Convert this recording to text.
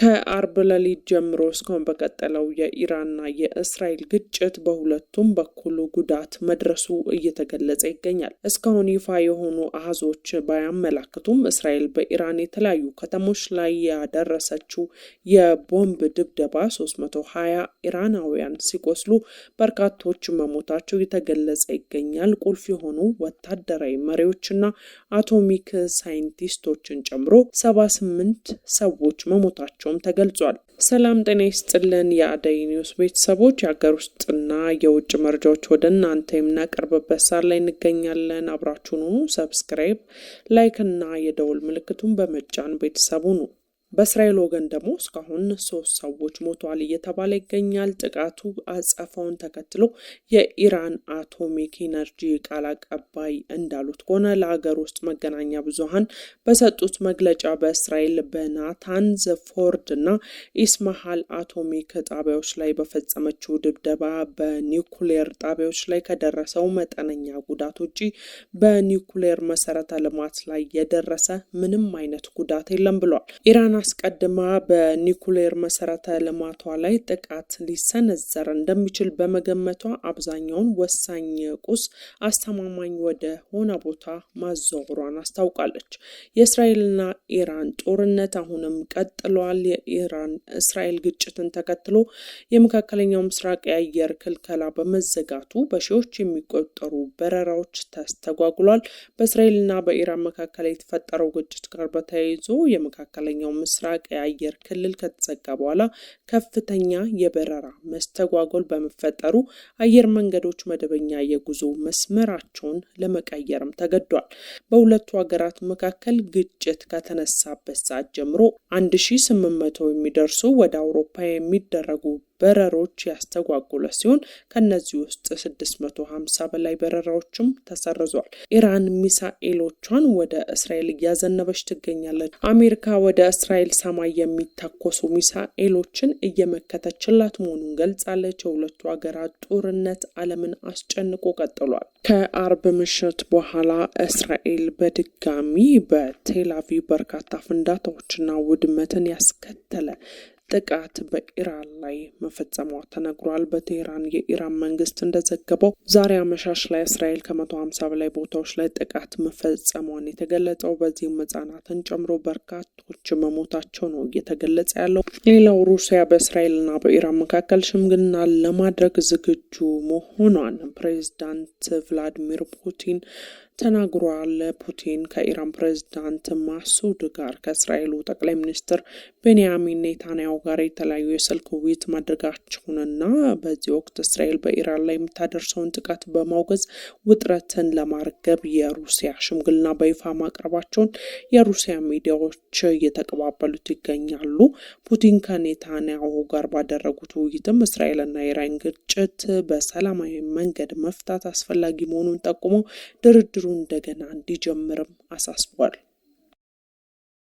ከአርብ ሌሊት ጀምሮ እስካሁን በቀጠለው የኢራንና የእስራኤል ግጭት በሁለቱም በኩል ጉዳት መድረሱ እየተገለጸ ይገኛል። እስካሁን ይፋ የሆኑ አሃዞች ባያመላክቱም እስራኤል በኢራን የተለያዩ ከተሞች ላይ ያደረሰችው የቦምብ ድብደባ 320 ኢራናውያን ሲቆስሉ በርካቶች መሞታቸው እየተገለጸ ይገኛል። ቁልፍ የሆኑ ወታደራዊ መሪዎችና አቶሚክ ሳይንቲስቶችን ጨምሮ 78 ሰዎች መሞታቸው መሆናቸውም ተገልጿል። ሰላም ጤና ይስጥልን። የአደይ ኒውስ ቤተሰቦች የሀገር ውስጥና የውጭ መረጃዎች ወደ እናንተ የምናቀርብበት ሰዓት ላይ እንገኛለን። አብራችሁኑ ሰብስክራይብ፣ ላይክ እና የደውል ምልክቱን በመጫን ቤተሰቡ ነው በእስራኤል ወገን ደግሞ እስካሁን ሶስት ሰዎች ሞተዋል እየተባለ ይገኛል። ጥቃቱ አጸፋውን ተከትሎ የኢራን አቶሚክ ኢነርጂ ቃል አቀባይ እንዳሉት ከሆነ ለሀገር ውስጥ መገናኛ ብዙኃን በሰጡት መግለጫ በእስራኤል በናታንዝ ፎርድ እና ኢስማሃል አቶሚክ ጣቢያዎች ላይ በፈጸመችው ድብደባ በኒውክሌር ጣቢያዎች ላይ ከደረሰው መጠነኛ ጉዳት ውጪ በኒውክሌር መሰረተ ልማት ላይ የደረሰ ምንም አይነት ጉዳት የለም ብሏል። ኢራን አስቀድማ በኒኩሌር መሰረተ ልማቷ ላይ ጥቃት ሊሰነዘር እንደሚችል በመገመቷ አብዛኛውን ወሳኝ ቁስ አስተማማኝ ወደ ሆነ ቦታ ማዘዋወሯን አስታውቃለች። የእስራኤልና ኢራን ጦርነት አሁንም ቀጥሏል። የኢራን እስራኤል ግጭትን ተከትሎ የመካከለኛው ምስራቅ የአየር ክልከላ በመዘጋቱ በሺዎች የሚቆጠሩ በረራዎች ተስተጓጉሏል። በእስራኤልና በኢራን መካከል የተፈጠረው ግጭት ጋር በተያይዞ የመካከለኛው ምስራቅ የአየር ክልል ከተዘጋ በኋላ ከፍተኛ የበረራ መስተጓጎል በመፈጠሩ አየር መንገዶች መደበኛ የጉዞ መስመራቸውን ለመቀየርም ተገዷል። በሁለቱ ሀገራት መካከል ግጭት ከተነሳበት ሰዓት ጀምሮ 1800 የሚደርሱ ወደ አውሮፓ የሚደረጉ በረሮች ያስተጓጉለ ሲሆን ከነዚህ ውስጥ 650 በላይ በረራዎችም ተሰርዟል። ኢራን ሚሳኤሎቿን ወደ እስራኤል እያዘነበች ትገኛለች። አሜሪካ ወደ እስራኤል ሰማይ የሚተኮሱ ሚሳኤሎችን እየመከተችላት መሆኑን ገልጻለች። የሁለቱ ሀገራት ጦርነት ዓለምን አስጨንቆ ቀጥሏል። ከአርብ ምሽት በኋላ እስራኤል በድጋሚ በቴላቪቭ በርካታ ፍንዳታዎችና ውድመትን ያስከተለ ጥቃት በኢራን ላይ መፈጸሟ ተነግሯል። በቴህራን የኢራን መንግስት እንደዘገበው ዛሬ አመሻሽ ላይ እስራኤል ከመቶ ሀምሳ በላይ ቦታዎች ላይ ጥቃት መፈጸሟን የተገለጸው በዚህም ህጻናትን ጨምሮ በርካቶች መሞታቸው ነው እየተገለጸ ያለው። ሌላው ሩሲያ በእስራኤልና በኢራን መካከል ሽምግልና ለማድረግ ዝግጁ መሆኗን ፕሬዚዳንት ቭላዲሚር ፑቲን ተናግሯል። ፑቲን ከኢራን ፕሬዝዳንት ማሱድ ጋር ከእስራኤሉ ጠቅላይ ሚኒስትር ቤንያሚን ኔታንያሁ ጋር የተለያዩ የስልክ ውይይት ማድረጋቸውንና በዚህ ወቅት እስራኤል በኢራን ላይ የምታደርሰውን ጥቃት በማውገዝ ውጥረትን ለማርገብ የሩሲያ ሽምግልና በይፋ ማቅረባቸውን የሩሲያ ሚዲያዎች እየተቀባበሉት ይገኛሉ። ፑቲን ከኔታንያሁ ጋር ባደረጉት ውይይትም እስራኤልና ኢራን ግጭት በሰላማዊ መንገድ መፍታት አስፈላጊ መሆኑን ጠቁመው ድርድሩ እንደገና እንዲጀምርም አሳስቧል።